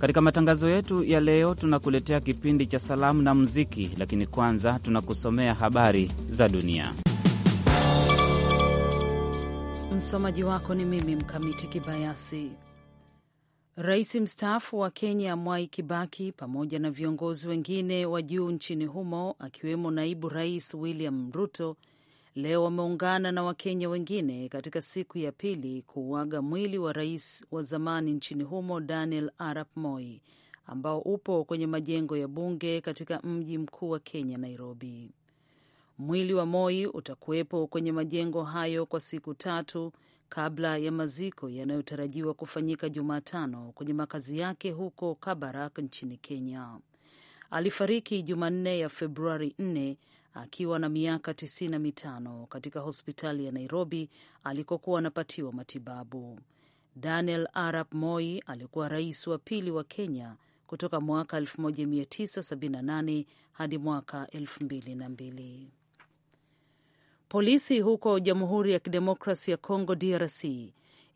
Katika matangazo yetu ya leo, tunakuletea kipindi cha salamu na muziki, lakini kwanza tunakusomea habari za dunia. Msomaji wako ni mimi Mkamiti Kibayasi. Rais mstaafu wa Kenya Mwai Kibaki pamoja na viongozi wengine wa juu nchini humo akiwemo naibu rais William Ruto leo wameungana na Wakenya wengine katika siku ya pili kuuaga mwili wa rais wa zamani nchini humo Daniel Arap Moi ambao upo kwenye majengo ya bunge katika mji mkuu wa Kenya, Nairobi. Mwili wa Moi utakuwepo kwenye majengo hayo kwa siku tatu kabla ya maziko yanayotarajiwa kufanyika Jumatano kwenye makazi yake huko Kabarak nchini Kenya. Alifariki Jumanne ya Februari 4 akiwa na miaka tisini na mitano katika hospitali ya Nairobi alikokuwa anapatiwa matibabu. Daniel Arap Moi alikuwa rais wa pili wa Kenya kutoka mwaka 1978 hadi mwaka 2002. Polisi huko Jamhuri ya Kidemokrasi ya congo DRC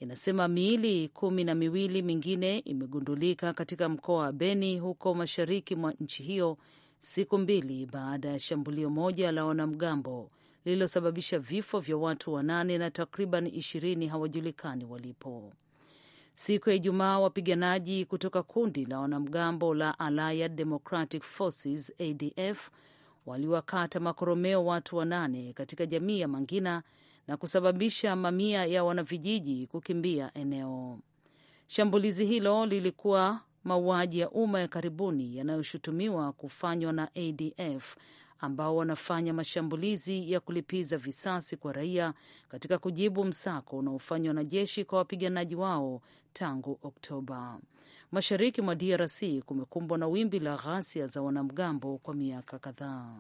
inasema miili kumi na miwili mingine imegundulika katika mkoa wa Beni huko mashariki mwa nchi hiyo siku mbili baada ya shambulio moja la wanamgambo lililosababisha vifo vya watu wanane na takriban ishirini hawajulikani walipo. Siku ya Ijumaa, wapiganaji kutoka kundi la wanamgambo la Allied Democratic Forces ADF waliwakata makoromeo watu wanane katika jamii ya Mangina na kusababisha mamia ya wanavijiji kukimbia eneo. Shambulizi hilo lilikuwa mauaji ya umma ya karibuni yanayoshutumiwa kufanywa na ADF ambao wanafanya mashambulizi ya kulipiza visasi kwa raia katika kujibu msako unaofanywa na jeshi kwa wapiganaji wao tangu Oktoba. Mashariki mwa DRC kumekumbwa na wimbi la ghasia za wanamgambo kwa miaka kadhaa.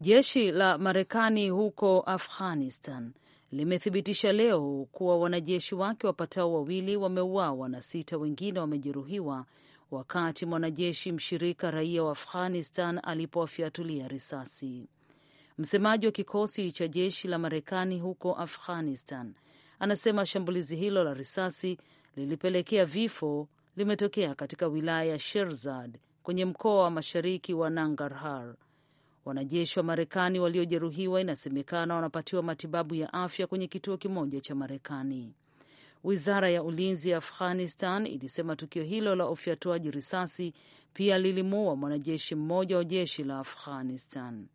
Jeshi la Marekani huko Afghanistan limethibitisha leo kuwa wanajeshi wake wapatao wawili wameuawa na sita wengine wamejeruhiwa wakati mwanajeshi mshirika raia wa Afghanistan alipowafyatulia risasi. Msemaji wa kikosi cha jeshi la Marekani huko Afghanistan anasema shambulizi hilo la risasi lilipelekea vifo limetokea katika wilaya ya Sherzad kwenye mkoa wa mashariki wa Nangarhar Wanajeshi wa Marekani waliojeruhiwa inasemekana wanapatiwa matibabu ya afya kwenye kituo kimoja cha Marekani. Wizara ya ulinzi ya Afghanistan ilisema tukio hilo la ufyatuaji risasi pia lilimuua mwanajeshi mmoja wa jeshi la Afghanistan.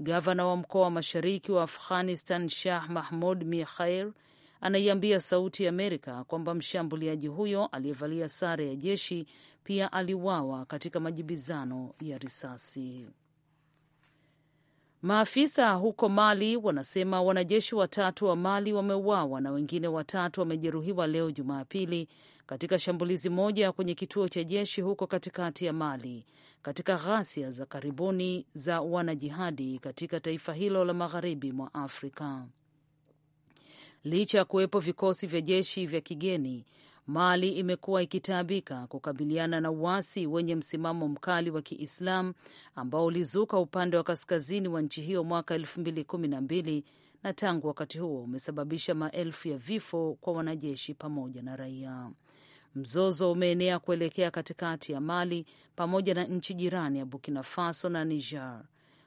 Gavana wa mkoa wa mashariki wa Afghanistan, Shah Mahmud Mikhair, anaiambia Sauti ya Amerika kwamba mshambuliaji huyo aliyevalia sare ya jeshi pia aliuawa katika majibizano ya risasi. Maafisa huko Mali wanasema wanajeshi watatu wa Mali wameuawa na wengine watatu wamejeruhiwa leo Jumapili katika shambulizi moja kwenye kituo cha jeshi huko katikati ya Mali katika ghasia za karibuni za wanajihadi katika taifa hilo la magharibi mwa Afrika. Licha ya kuwepo vikosi vya jeshi vya kigeni, Mali imekuwa ikitaabika kukabiliana na uasi wenye msimamo mkali wa Kiislamu ambao ulizuka upande wa kaskazini wa nchi hiyo mwaka elfu mbili kumi na mbili na tangu wakati huo umesababisha maelfu ya vifo kwa wanajeshi pamoja na raia. Mzozo umeenea kuelekea katikati ya Mali pamoja na nchi jirani ya Burkina Faso na Niger.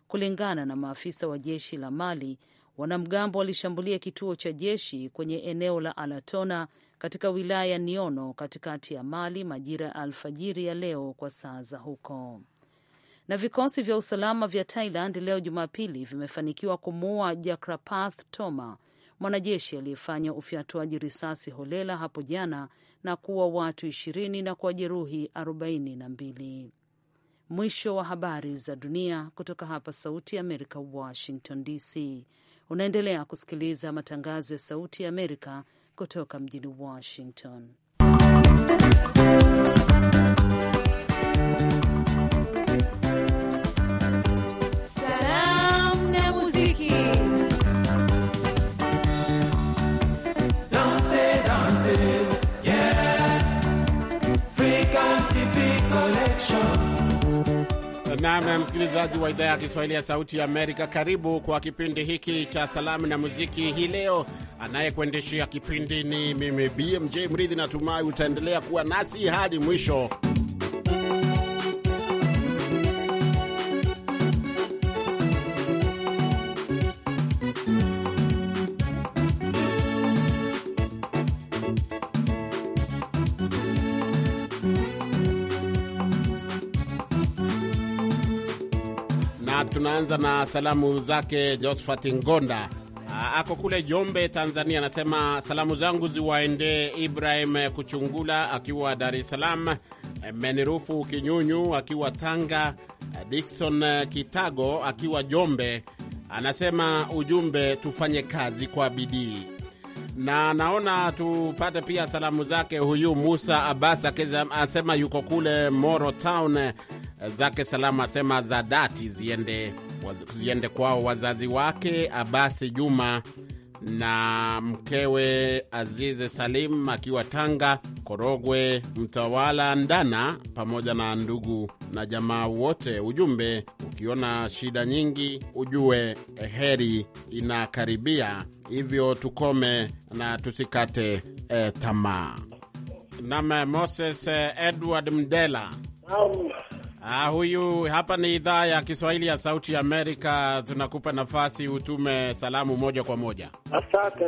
Kulingana na maafisa wa jeshi la Mali, wanamgambo walishambulia kituo cha jeshi kwenye eneo la Alatona katika wilaya ya Niono katikati ya Mali majira ya alfajiri ya leo kwa saa za huko. Na vikosi vya usalama vya Thailand leo Jumapili vimefanikiwa kumuua Jakrapath Toma, mwanajeshi aliyefanya ufyatuaji risasi holela hapo jana na kuwa watu ishirini na kuwajeruhi arobaini na mbili. Mwisho wa habari za dunia kutoka hapa Sauti ya Amerika, Washington DC. Unaendelea kusikiliza matangazo ya Sauti ya Amerika kutoka mjini Washington. Nam msikilizaji wa idhaa ya Kiswahili ya Sauti ya Amerika, karibu kwa kipindi hiki cha salamu na muziki hii leo, Anayekuendeshea kipindi ni mimi BMJ Mridhi. Natumai utaendelea kuwa nasi hadi mwisho. Tunaanza na salamu zake Josphat Ngonda Ah, ako kule Jombe, Tanzania, anasema salamu zangu ziwaendee Ibrahim Kuchungula akiwa Dar es Salaam, Menirufu Kinyunyu akiwa Tanga, Dikson Kitago akiwa Jombe. Anasema ujumbe, tufanye kazi kwa bidii na naona tupate pia salamu zake huyu Musa Abbas asema yuko kule Moro Town, zake salamu asema za dhati ziende ziende kwao wazazi wake Abasi Juma na mkewe Azize Salim akiwa Tanga, Korogwe, Mtawala, Ndana, pamoja na ndugu na jamaa wote. Ujumbe, ukiona shida nyingi ujue heri inakaribia, hivyo tukome na tusikate e, tamaa. Nam Moses eh, Edward Mdela. Ah, huyu hapa ni idhaa ya Kiswahili ya Sauti ya Amerika. Tunakupa nafasi utume salamu moja kwa moja. Asante.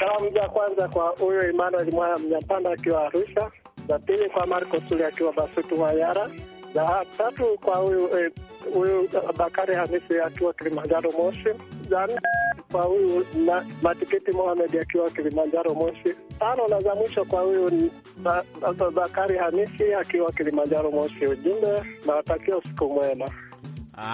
Salamu za kwanza kwa huyu Emmanuel Mwaya mnyapanda akiwa Arusha, za pili kwa Marco Sule akiwa Basutu Wayara, za tatu kwa huyu eh, huyu Bakari Hamisi akiwa Kilimanjaro Moshi, za nne kwa huyu na matiketi Mohamed akiwa Kilimanjaro Moshi, tano na za mwisho kwa huyu Dr. Zakari Hamisi akiwa Kilimanjaro Moshi. Ujumbe na nawatakia usiku mwema.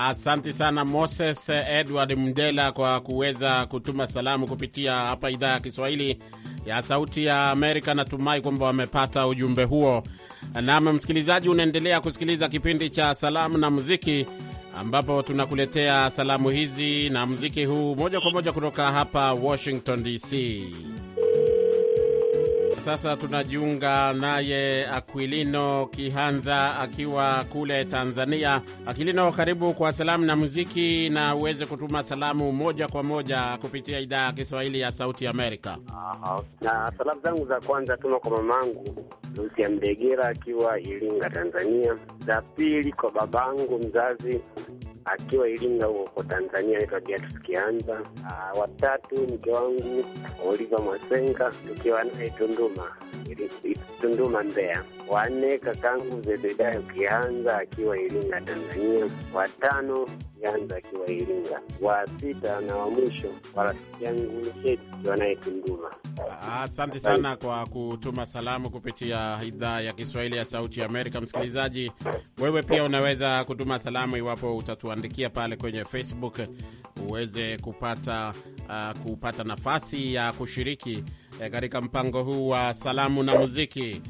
Asante ah, sana Moses Edward Mdela kwa kuweza kutuma salamu kupitia hapa idhaa ya Kiswahili ya Sauti ya Amerika. Natumai kwamba wamepata ujumbe huo. Nam msikilizaji, unaendelea kusikiliza kipindi cha Salamu na Muziki ambapo tunakuletea salamu hizi na mziki huu moja kwa moja kutoka hapa Washington DC sasa tunajiunga naye Aquilino Kihanza akiwa kule Tanzania. Aquilino, karibu kwa salamu na muziki, na uweze kutuma salamu moja kwa moja kupitia idhaa ya Kiswahili ya Sauti Amerika. Na salamu zangu za kwanza tuma kwa mamangu Lusia Mdegera akiwa Iringa, Tanzania. Za pili kwa babangu mzazi akiwa Iringa huko Tanzania, anaitwa Beatrice Kianza. Ah, Watatu mke wangu Oliva Mwasenga, tukiwa naye Tunduma. Tunduma Mbeya, wanne kakangu Zebedayo Kianza akiwa Iringa Tanzania, watano Kianza akiwa Iringa, wa sita na wa mwisho wa rafiki yangu Shetikiwa naye Tunduma. Asante sana kwa kutuma salamu kupitia idhaa ya Kiswahili ya Sauti ya Amerika. Msikilizaji, wewe pia unaweza kutuma salamu iwapo utatuandikia pale kwenye Facebook uweze kupata uh, kupata nafasi ya kushiriki eh, katika mpango huu wa salamu na muziki.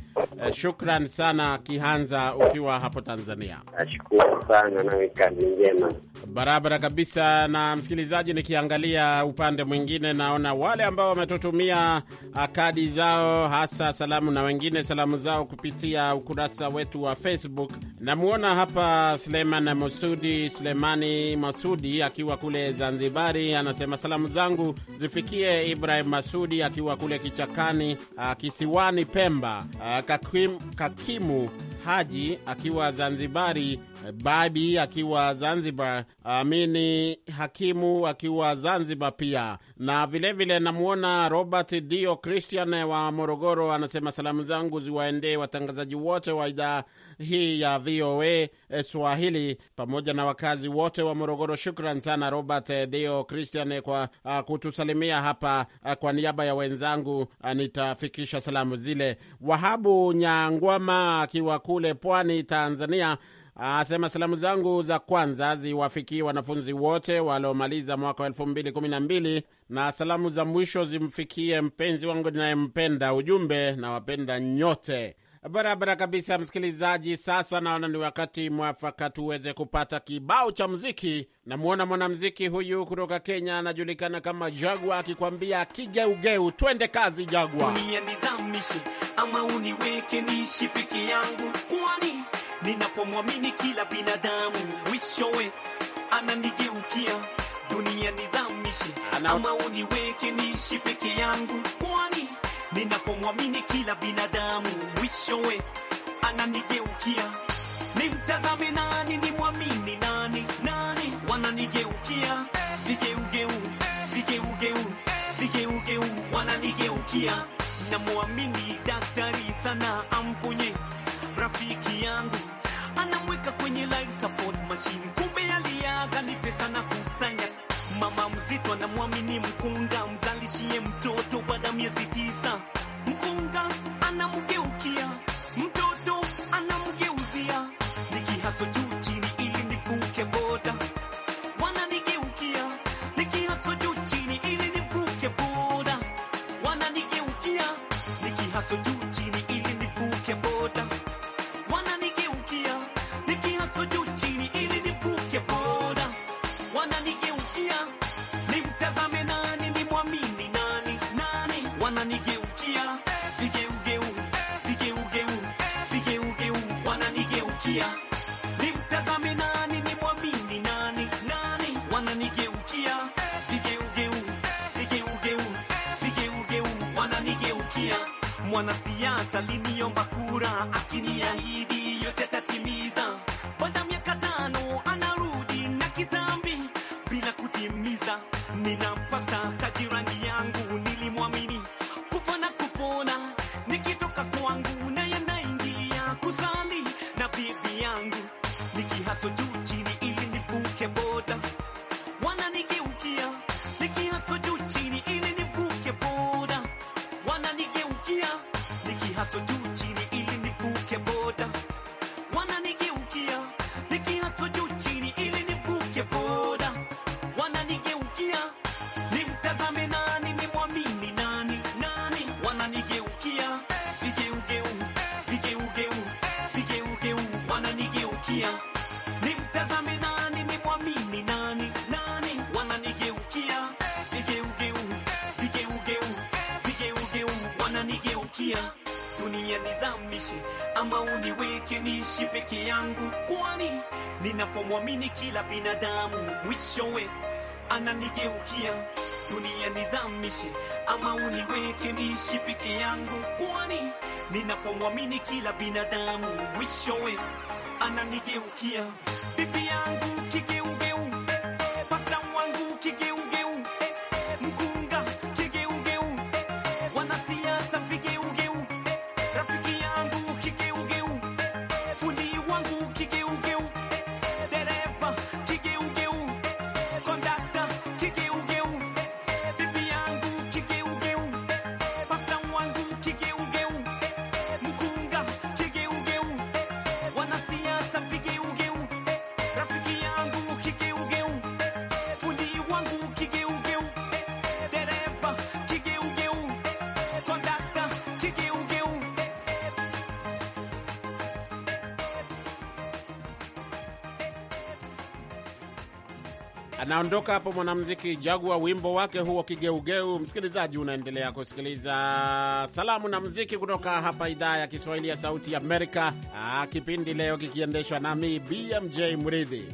Eh, shukran sana Kihanza, ukiwa hapo Tanzania. Nashukuru sana na njema. Barabara kabisa. Na msikilizaji, nikiangalia upande mwingine, naona wale ambao wametutumia ah, kadi zao, hasa salamu na wengine salamu zao kupitia ukurasa wetu wa Facebook. Namwona hapa Suleiman Masudi, Sulemani Masudi akiwa kule Zanzibari, anasema salamu zangu zifikie Ibrahim Masudi akiwa kule kule kichakani uh, kisiwani Pemba uh, ah, kakim, kakimu Haji akiwa Zanzibari, Babi akiwa Zanzibar, Amini Hakimu akiwa Zanzibar pia, na vilevile namwona Robert Dio Christian wa Morogoro anasema salamu zangu ziwaendee watangazaji wote wa idhaa hii ya VOA eh, Swahili pamoja na wakazi wote wa Morogoro. Shukran sana Robert eh, Dio Christian eh, kwa uh, kutusalimia hapa. Uh, kwa niaba ya wenzangu uh, nitafikisha salamu zile. Wahabu Nyangwama akiwa kule Pwani, Tanzania, asema salamu zangu za kwanza ziwafikie wanafunzi wote waliomaliza mwaka wa elfu mbili kumi na mbili na salamu za mwisho zimfikie mpenzi wangu ninayempenda. Ujumbe, nawapenda nyote. Barabara kabisa, msikilizaji. Sasa naona ni wakati mwafaka tuweze kupata kibao cha mziki. Namwona mwanamziki huyu kutoka Kenya, anajulikana kama Jagwa akikwambia Kigeugeu. Twende kazi, Jagwa. Dunia nizamishe ama uniweke niishi peke yangu, kwani ninapomwamini kila binadamu mwishowe ananigeukia. Dunia nizamishe ama uniweke niishi peke yangu, kwani ninapomwamini kila binadamu, mwishowe ananigeukia. Nimtazame nani, nimwamini nani? Nani wananigeukia, vigeugeu, vigeugeu, vigeugeu wananigeukia. Namwamini daktari sana, amponye rafiki yangu, anamweka kwenye life support machine, kumbe mwanasiasa liniomba kura akiniahidi yote tatimiza naishi peke yangu, kwani ninapomwamini kila binadamu mwishowe ananigeukia. Dunia nizamishe ama uniweke niishi peke yangu, kwani ninapomwamini kila binadamu mwishowe ananigeukia. Bibi yangu Anaondoka hapo mwanamuziki Jagua, wimbo wake huo Kigeugeu. Msikilizaji, unaendelea kusikiliza salamu na muziki kutoka hapa idhaa ya Kiswahili ya Sauti ya Amerika, kipindi leo kikiendeshwa nami BMJ Mridhi.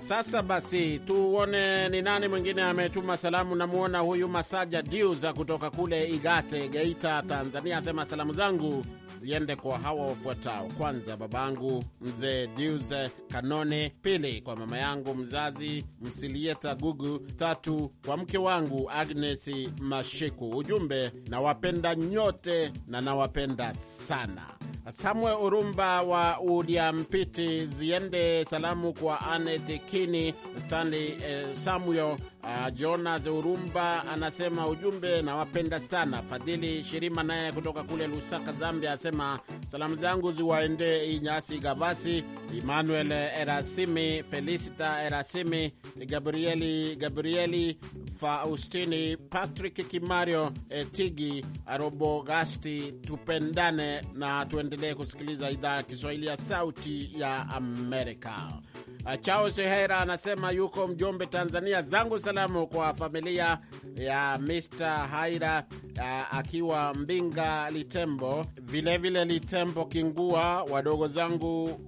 Sasa basi, tuone ni nani mwingine ametuma salamu. Namwona huyu Masaja Diuza kutoka kule Igate, Geita, Tanzania, asema salamu zangu ziende kwa hawa wafuatao: kwanza, babangu mzee Diuse Kanone; pili, kwa mama yangu mzazi Msilieta Gugu; tatu, kwa mke wangu Agnes Mashiku. Ujumbe, nawapenda nyote na nawapenda sana. Samuel Urumba wa udiampiti ziende salamu kwa Anet Kini, Stanley eh, Samuel Uh, Jonas Urumba anasema ujumbe na wapenda sana. Fadhili Shirima naye kutoka kule Lusaka, Zambia asema salamu zangu ziwaende Inyasi Gabasi, Emmanuel Erasimi, Felicita Erasimi, Gabrieli Gabrieli, Faustini, Patrick Kimario, Etigi eh, Arobogasti. Tupendane na tuendelee kusikiliza idhaa ya Kiswahili ya Sauti ya Amerika. Uh, Charles Hera anasema yuko Mjombe, Tanzania. Zangu salamu kwa familia ya Mr Haira uh, akiwa Mbinga Litembo, vilevile vile Litembo Kingua, wadogo zangu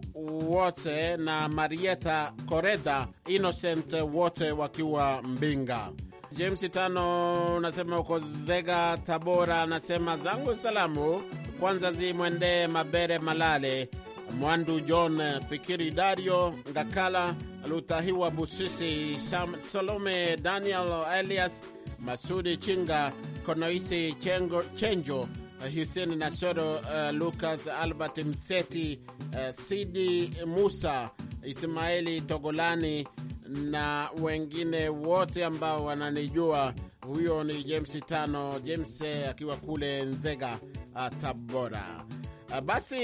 wote na Marieta Koredha Innocent wote wakiwa Mbinga. James Tano nasema uko Zega, Tabora, anasema zangu salamu kwanza zimwendee Mabere Malale Mwandu John Fikiri, Dario Ngakala, Lutahiwa Busisi, Sam Salome, Daniel Elias, Masudi Chinga, Konoisi Chengo, Chenjo, huseni Nasoro, uh, Lucas Albert Mseti, uh, Sidi Musa, ismaeli Togolani na wengine wote ambao wananijua. Huyo ni James Tano James uh, akiwa kule Nzega, uh, Tabora. Ah, basi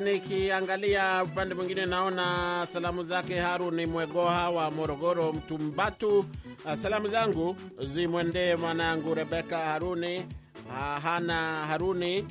nikiangalia upande mwingine, naona salamu zake Haruni Mwegoha wa Morogoro, Mtumbatu. Ah, salamu zangu zimwendee mwanangu Rebeka Haruni, ah, Hana Haruni,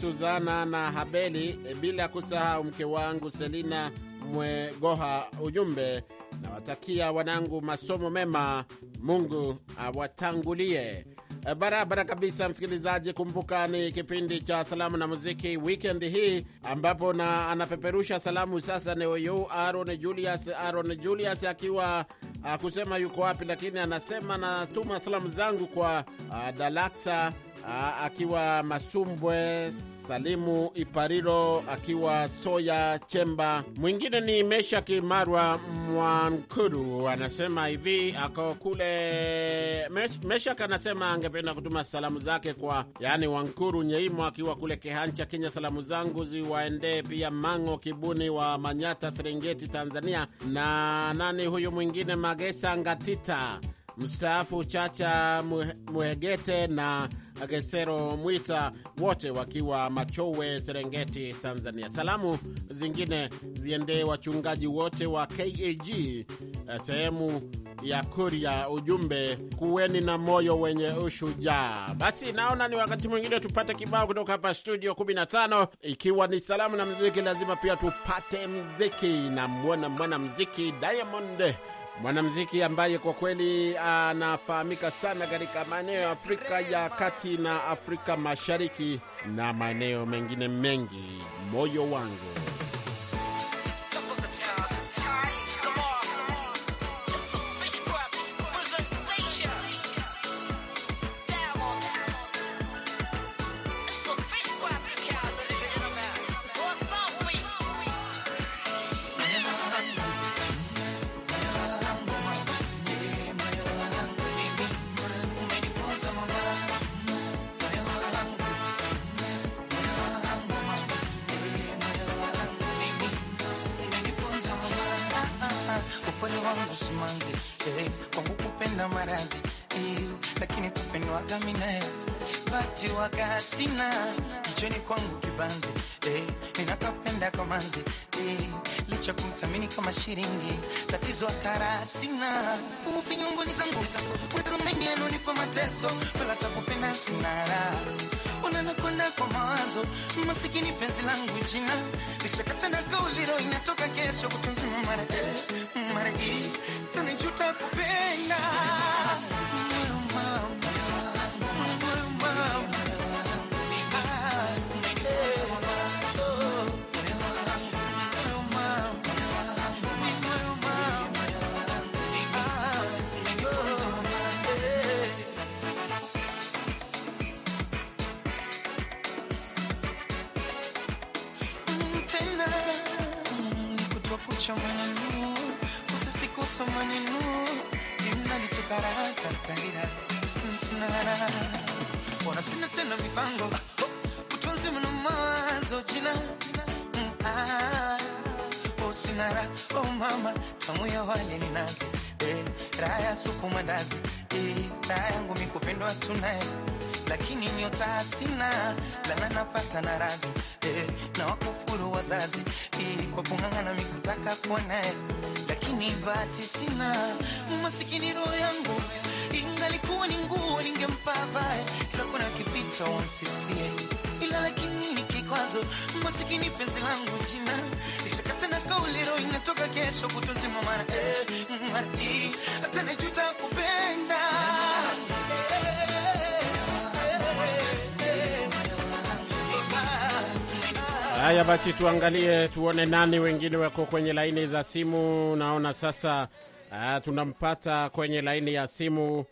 Suzana na Habeli, bila kusahau mke wangu Selina Mwegoha. Ujumbe nawatakia wanangu masomo mema, Mungu awatangulie. Eh, barabara kabisa, msikilizaji. Kumbuka ni kipindi cha salamu na muziki wkend hii, ambapo na anapeperusha salamu sasa ni huyu Aaron Julius. Aaron Julius akiwa ah, kusema yuko wapi, lakini anasema natuma salamu zangu kwa a, ah, Dalaksa Ah, akiwa Masumbwe, Salimu ipariro akiwa Soya Chemba. Mwingine ni Mesha Marwa Mwankuru, anasema hivi, ako kule Meshak. Anasema angependa kutuma salamu zake kwa yani Wankuru Nyeimo akiwa kule Kehancha, Kenya. Salamu zangu ziwaendee pia Mango Kibuni wa Manyata, Serengeti, Tanzania, na nani huyu mwingine, Magesa Ngatita mstaafu Chacha mwegete na Gesero Mwita, wote wakiwa Machowe, Serengeti, Tanzania. Salamu zingine ziendee wachungaji wote wa KAG eh, sehemu ya Kuria. Ujumbe, kuweni na moyo wenye ushujaa. Basi naona ni wakati mwingine tupate kibao kutoka hapa studio 15. Ikiwa ni salamu na mziki, lazima pia tupate mziki na mwana mziki Diamond mwanamuziki ambaye kwa kweli anafahamika sana katika maeneo ya Afrika ya Kati na Afrika Mashariki na maeneo mengine mengi. Moyo wangu na maradhi eh, lakini kupendwaga mina bati wakasina kichoni kwangu kibanzi eh, ninakapenda kwa manzi eh, licha kumthamini kama shilingi tatizo atarasina sina ufinyunguni zangu zangu unatazama mengi yanonipa mateso wala takupenda sinara sana na kwa mawazo, masikini penzi langu jina lishakata na kauliro inatoka kesho kutunzima mara mara hii tanijuta kupenda sina tena mipango utunzi mna mazo jina mm, ah, osinara oh, o oh, mama tamu ya wale ni nazi eh, raha ya supu mandazi eh, raha yangu mikupendwa tunaye lakini nyota sina lana napata na radhi eh, na wakufuru wazazi eh, kwa kung'ang'ana mikutaka kuwa naye, lakini bahati sina. Masikini roho yangu ingalikuwa ni nguo ningempa vae, kila kona kipita wamsifie, ila lakini ni kikwazo. Masikini penzi langu jina lishakata na kauli, roho inatoka kesho kutozima mara, eh, mara hii hata najuta kupenda Haya basi, tuangalie tuone nani wengine wako kwenye laini za simu. Naona sasa uh, tunampata kwenye laini ya simu.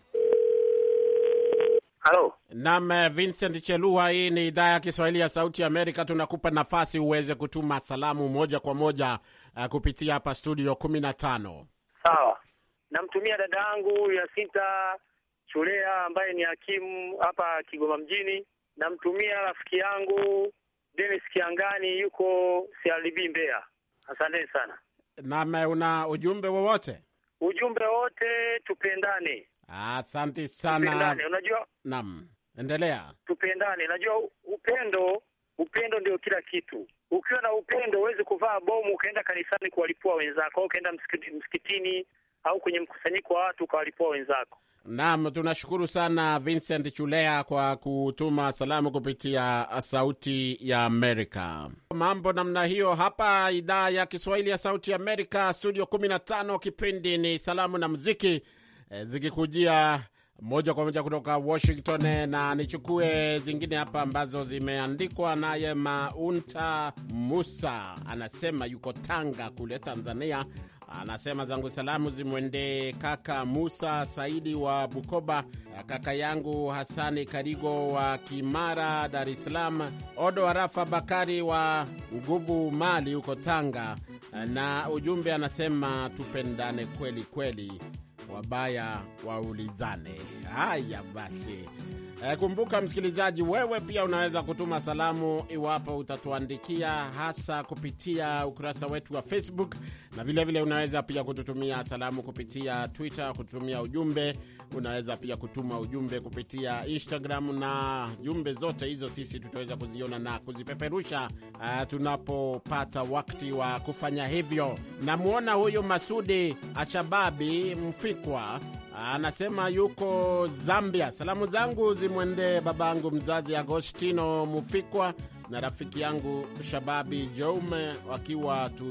Halo. Naam, eh, Vincent Chelua, hii ni idhaa ya Kiswahili ya Sauti ya Amerika. Tunakupa nafasi uweze kutuma salamu moja kwa moja uh, kupitia hapa studio kumi na tano. Sawa, namtumia dada yangu Yasinta Chulea ambaye ni hakimu hapa Kigoma mjini, namtumia rafiki yangu Dennis Kiangani yuko CRDB Mbeya. Asanteni sana. nam una ujumbe wowote? Ujumbe wote tupendane. Asante sana. Tupendane. Unajua? Naam. Endelea. Tupendane. Unajua upendo, upendo ndio kila kitu. Ukiwa na upendo huwezi kuvaa bomu ukaenda kanisani kuwalipua wenzako, ukaenda msikitini au kwenye mkusanyiko wa watu ukawalipua wenzako. Naam, tunashukuru sana Vincent Chulea kwa kutuma salamu kupitia Sauti ya Amerika. Mambo namna hiyo hapa idhaa ya Kiswahili ya Sauti ya Amerika, studio 15. Kipindi ni Salamu na Muziki eh, zikikujia moja kwa moja kutoka Washington, na nichukue zingine hapa ambazo zimeandikwa naye Maunta Musa, anasema yuko Tanga kule Tanzania. Anasema zangu salamu zimwendee kaka Musa Saidi wa Bukoba, kaka yangu Hasani Karigo wa Kimara, Dar es Salaam, Odo Arafa Bakari wa Nguvu Mali huko Tanga, na ujumbe anasema tupendane kweli kweli, wabaya waulizane. Haya basi. E, kumbuka msikilizaji, wewe pia unaweza kutuma salamu iwapo utatuandikia, hasa kupitia ukurasa wetu wa Facebook, na vilevile vile unaweza pia kututumia salamu kupitia Twitter, kututumia ujumbe. Unaweza pia kutuma ujumbe kupitia Instagram, na jumbe zote hizo sisi tutaweza kuziona na kuzipeperusha uh, tunapopata wakati wa kufanya hivyo. Namwona huyu Masudi Ashababi Mfikwa anasema yuko Zambia. Salamu zangu zimwendee babangu mzazi Agostino Mufikwa na rafiki yangu Shababi Joume wakiwa tu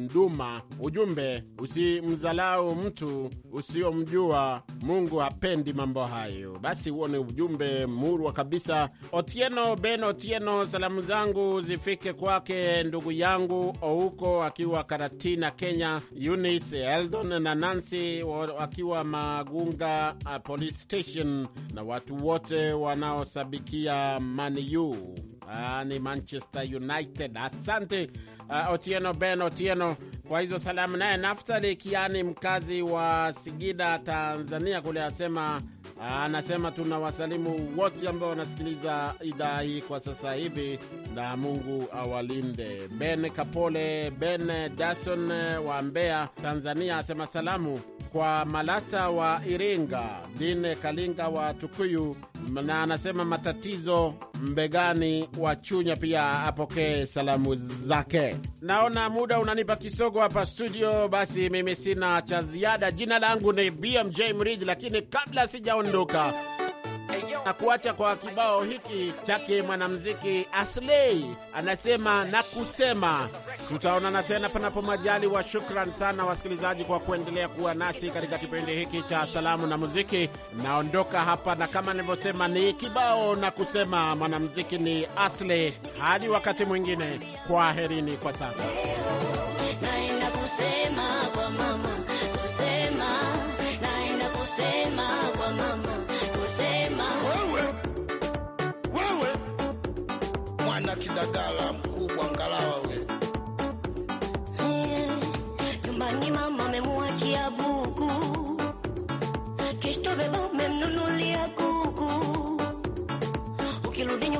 Nduma, ujumbe usimdhalau mtu usiomjua Mungu hapendi mambo hayo. Basi huo ni ujumbe murwa kabisa. Otieno Ben Otieno, salamu zangu zifike kwake ndugu yangu Ouko akiwa Karatina, Kenya, Eunice Eldon na Nancy akiwa Magunga uh, Police Station na watu wote wanaosabikia Man U ah, ni Manchester United. Asante uh, Otieno Ben Otieno kwa hizo salamu. Naye Naftali Kiani, mkazi wa sigida Tanzania kule, asema ah, anasema tuna wasalimu wote ambao wanasikiliza idhaa hii kwa sasa hivi, na Mungu awalinde. Ben Kapole Ben Dason wa Mbeya, Tanzania, asema salamu kwa Malata wa Iringa, Dine Kalinga wa Tukuyu, na anasema matatizo Mbegani wa Chunya pia apokee salamu zake. Naona muda unanipa kisogo hapa studio, basi mimi sina cha ziada. Jina langu ni BMJ Mridhi, lakini kabla sijaondoka na kuacha kwa kibao hiki chake mwanamuziki Aslei anasema na kusema. Tutaonana tena panapo wa Shukran sana wasikilizaji kwa kuendelea kuwa nasi katika kipindi hiki cha salamu na muziki. Naondoka hapa na kama nilivyosema, ni kibao na kusema. Mwanamuziki ni Aslei. Hadi wakati mwingine, kwaherini kwa sasa.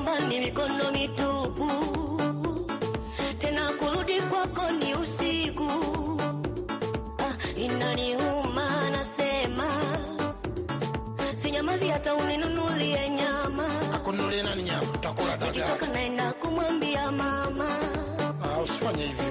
nyumbani mikono mitupu, tena kurudi kwako ni usiku. Ah, inaniuma nasema, sinyamazi hata uninunulie nyama. nani nyama? Utakula dada. Nikitoka naenda kumwambia mama. Ah, usifanye hivyo.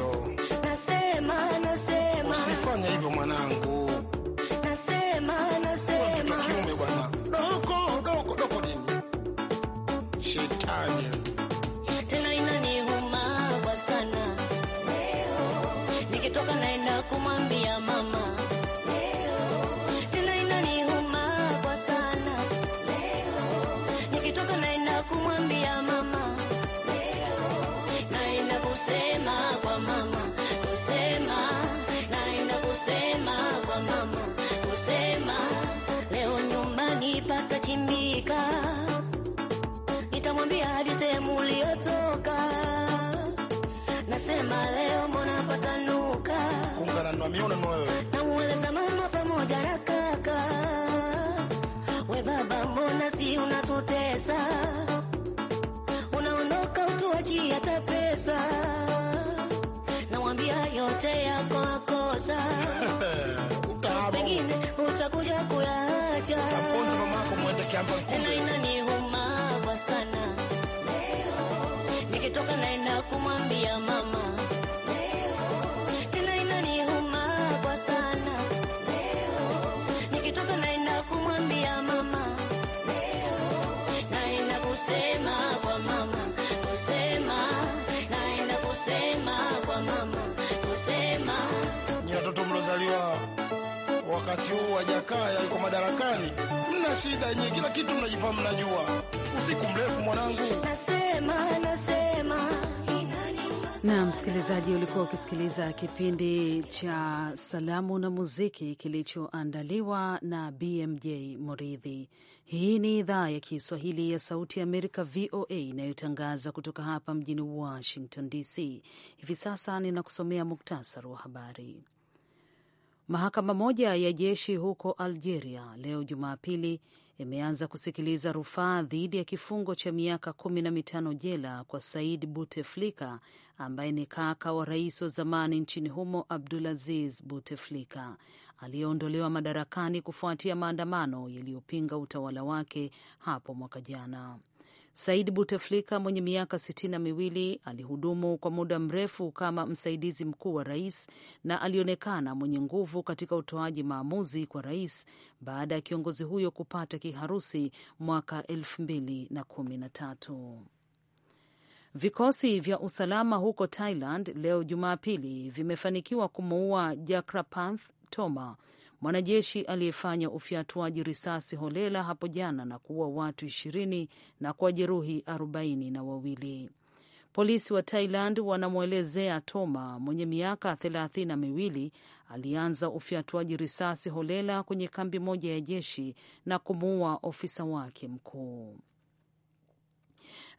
wakati huu wa Jakaya yuko madarakani, mna shida yenyewe, kila kitu mnajipa, mnajua. Usiku mrefu mwanangu, nasema nasema na msikilizaji, ulikuwa ukisikiliza kipindi cha salamu na muziki kilichoandaliwa na BMJ Muridhi. Hii ni idhaa ya Kiswahili ya Sauti ya Amerika, VOA, inayotangaza kutoka hapa mjini Washington DC. Hivi sasa ninakusomea muktasari wa habari. Mahakama moja ya jeshi huko Algeria leo Jumapili imeanza kusikiliza rufaa dhidi ya kifungo cha miaka kumi na mitano jela kwa Said buteflika ambaye ni kaka wa rais wa zamani nchini humo Abdulaziz buteflika aliyeondolewa madarakani kufuatia maandamano yaliyopinga utawala wake hapo mwaka jana. Said Buteflika mwenye miaka sitini na miwili alihudumu kwa muda mrefu kama msaidizi mkuu wa rais na alionekana mwenye nguvu katika utoaji maamuzi kwa rais baada ya kiongozi huyo kupata kiharusi mwaka elfu mbili na kumi na tatu. Vikosi vya usalama huko Thailand leo Jumapili vimefanikiwa kumuua Jakrapanth Toma, mwanajeshi aliyefanya ufyatuaji risasi holela hapo jana na kuua watu ishirini na jeruhi arobaini na wawili. Polisi wa Thailand wanamwelezea Toma mwenye miaka thelathini na miwili alianza ufyatuaji risasi holela kwenye kambi moja ya jeshi na kumuua ofisa wake mkuu.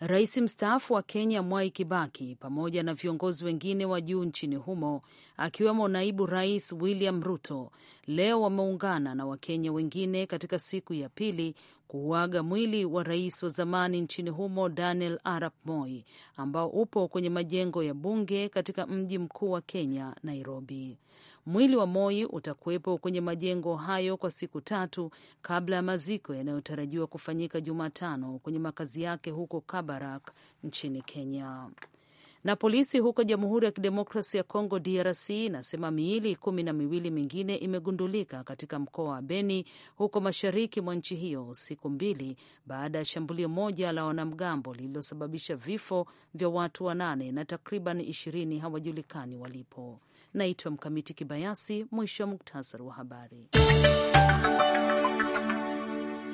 Rais mstaafu wa Kenya Mwai Kibaki pamoja na viongozi wengine wa juu nchini humo akiwemo naibu rais William Ruto leo wameungana na Wakenya wengine katika siku ya pili kuuaga mwili wa rais wa zamani nchini humo Daniel Arap Moi ambao upo kwenye majengo ya bunge katika mji mkuu wa Kenya, Nairobi. Mwili wa Moi utakuwepo kwenye majengo hayo kwa siku tatu kabla ya maziko yanayotarajiwa kufanyika Jumatano kwenye makazi yake huko Kabarak nchini Kenya. Na polisi huko Jamhuri ya Kidemokrasi ya Kongo DRC inasema miili kumi na miwili mingine imegundulika katika mkoa wa Beni huko mashariki mwa nchi hiyo, siku mbili baada ya shambulio moja la wanamgambo lililosababisha vifo vya watu wanane na takriban ishirini hawajulikani walipo. Naitwa Mkamiti Kibayasi. Mwisho wa muktasari wa habari.